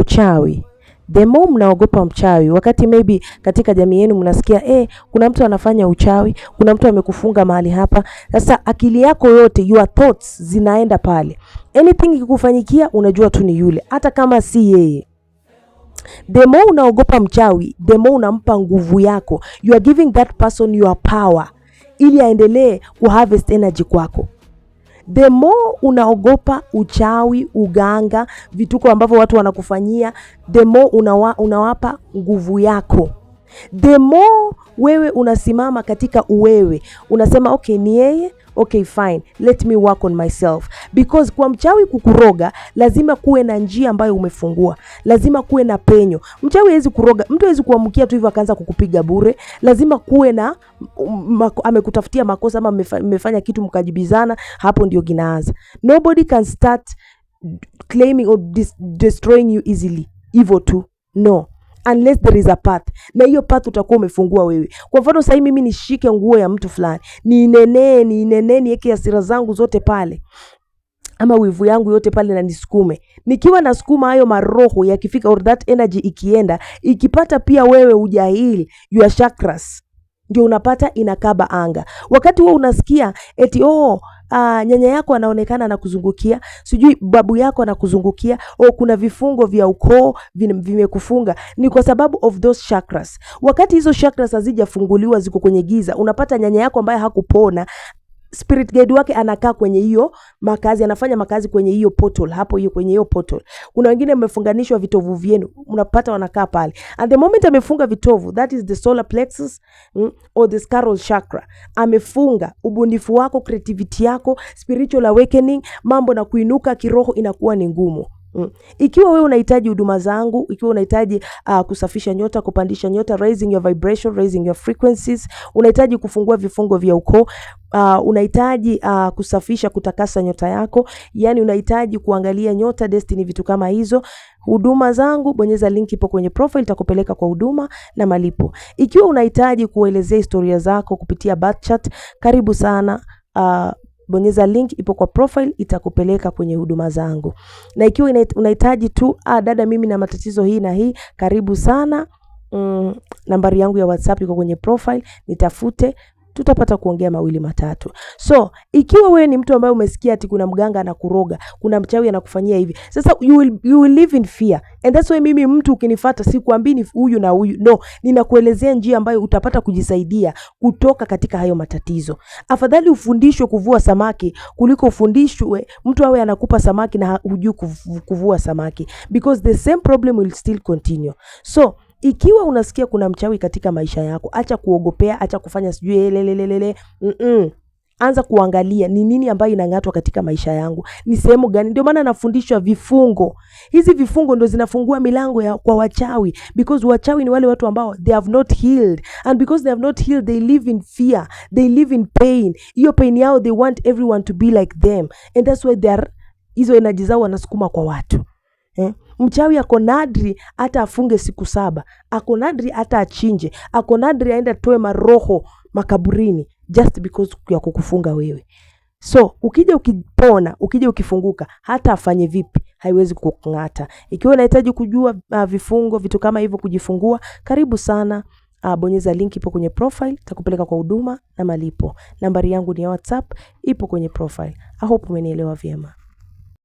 uchawi the more mnaogopa mchawi, wakati maybe katika jamii yenu mnasikia eh, kuna mtu anafanya uchawi, kuna mtu amekufunga mahali hapa. Sasa akili yako yote, your thoughts zinaenda pale, anything ikikufanyikia unajua tu ni yule, hata kama si yeye. The more unaogopa mchawi, the more unampa nguvu yako, you are giving that person your power, ili aendelee ku harvest energy kwako the more unaogopa uchawi, uganga, vituko ambavyo watu wanakufanyia, the more unawa, unawapa nguvu yako The more wewe unasimama katika uwewe, unasema okay, ni yeye Okay, fine. Let me work on myself because kwa mchawi kukuroga lazima kuwe na njia ambayo umefungua, lazima kuwe na penyo. Mchawi hawezi kuroga mtu, hawezi kuamkia tu hivyo akaanza kukupiga bure. Lazima kuwe na um, mako, amekutafutia makosa ama mmefanya kitu mkajibizana, hapo ndio kinaanza. Nobody can start claiming or destroying you easily, hivyo tu no unless there is a path, na hiyo path utakuwa umefungua wewe. Kwa mfano sasa, mimi nishike nguo ya mtu fulani, niinenee niinenee, niweke hasira zangu zote pale ama wivu yangu yote pale na nisukume. Nikiwa nasukuma hayo maroho yakifika, or that energy ikienda, ikipata pia wewe ujahili, your chakras ndio unapata inakaba anga. Wakati huo unasikia eti oh aa, ah, nyanya yako anaonekana anakuzungukia, sijui babu yako anakuzungukia, o oh, kuna vifungo vya ukoo vimekufunga, ni kwa sababu of those chakras. Wakati hizo chakras hazijafunguliwa, ziko kwenye giza, unapata nyanya yako ambaye hakupona spirit guide wake anakaa kwenye hiyo makazi, anafanya makazi kwenye hiyo portal hapo, hiyo kwenye hiyo portal. Kuna wengine wamefunganishwa vitovu vyenu, mnapata wanakaa pale, and the moment amefunga vitovu, that is the solar plexus mm, or the sacral chakra, amefunga ubunifu wako, creativity yako, spiritual awakening, mambo na kuinuka kiroho inakuwa ni ngumu. Mm. Ikiwa wewe unahitaji huduma zangu, ikiwa unahitaji uh, kusafisha nyota, kupandisha nyota, raising your vibration, raising your frequencies, unahitaji kufungua vifungo vya ukoo uh, unahitaji uh, kusafisha, kutakasa nyota yako, yani unahitaji kuangalia nyota destiny, vitu kama hizo, huduma zangu, bonyeza link ipo kwenye profile, itakupeleka kwa huduma na malipo. Ikiwa unahitaji kuelezea historia zako kupitia birth chart, karibu sana uh, bonyeza link ipo kwa profile, itakupeleka kwenye huduma zangu. Na ikiwa unahitaji tu ah, dada, mimi na matatizo hii na hii, karibu sana. Mm, nambari yangu ya WhatsApp iko kwenye profile, nitafute tutapata kuongea mawili matatu. So ikiwa wewe ni mtu ambaye umesikia ati kuna mganga anakuroga, kuna mchawi anakufanyia hivi, sasa you will, you will live in fear and that's why mimi mtu ukinifuata, sikuambii huyu na huyu, no, ninakuelezea njia ambayo utapata kujisaidia kutoka katika hayo matatizo. Afadhali ufundishwe kuvua samaki kuliko ufundishwe mtu awe anakupa samaki na hujui kuvua samaki, because the same problem will still continue so ikiwa unasikia kuna mchawi katika maisha yako, acha kuogopea, acha kufanya sijui lelelelele. Mm -mm. Anza kuangalia ni nini ambayo inang'atwa katika maisha yangu, ni sehemu gani? Ndio maana nafundishwa vifungo. Hizi vifungo ndio zinafungua milango ya, kwa wachawi because wachawi ni wale watu ambao they have not healed and because they have not healed they live in fear, they live in pain. Hiyo pain yao they want everyone to be like them and that's why they are hizo energy zao wanasukuma kwa watu. Eh, mchawi ako nadri hata afunge siku saba, ako nadri hata achinje, ako nadri aende atoe maroho makaburini just because ya kukufunga wewe. So ukija ukipona, ukija ukifunguka, hata afanye vipi haiwezi kukung'ata. Ikiwa unahitaji kujua uh, vifungo, vitu kama hivyo, kujifungua, karibu sana. Uh, bonyeza link ipo kwenye profile, takupeleka kwa huduma na malipo. Nambari yangu ni ya WhatsApp ipo kwenye profile. I hope umenielewa vyema.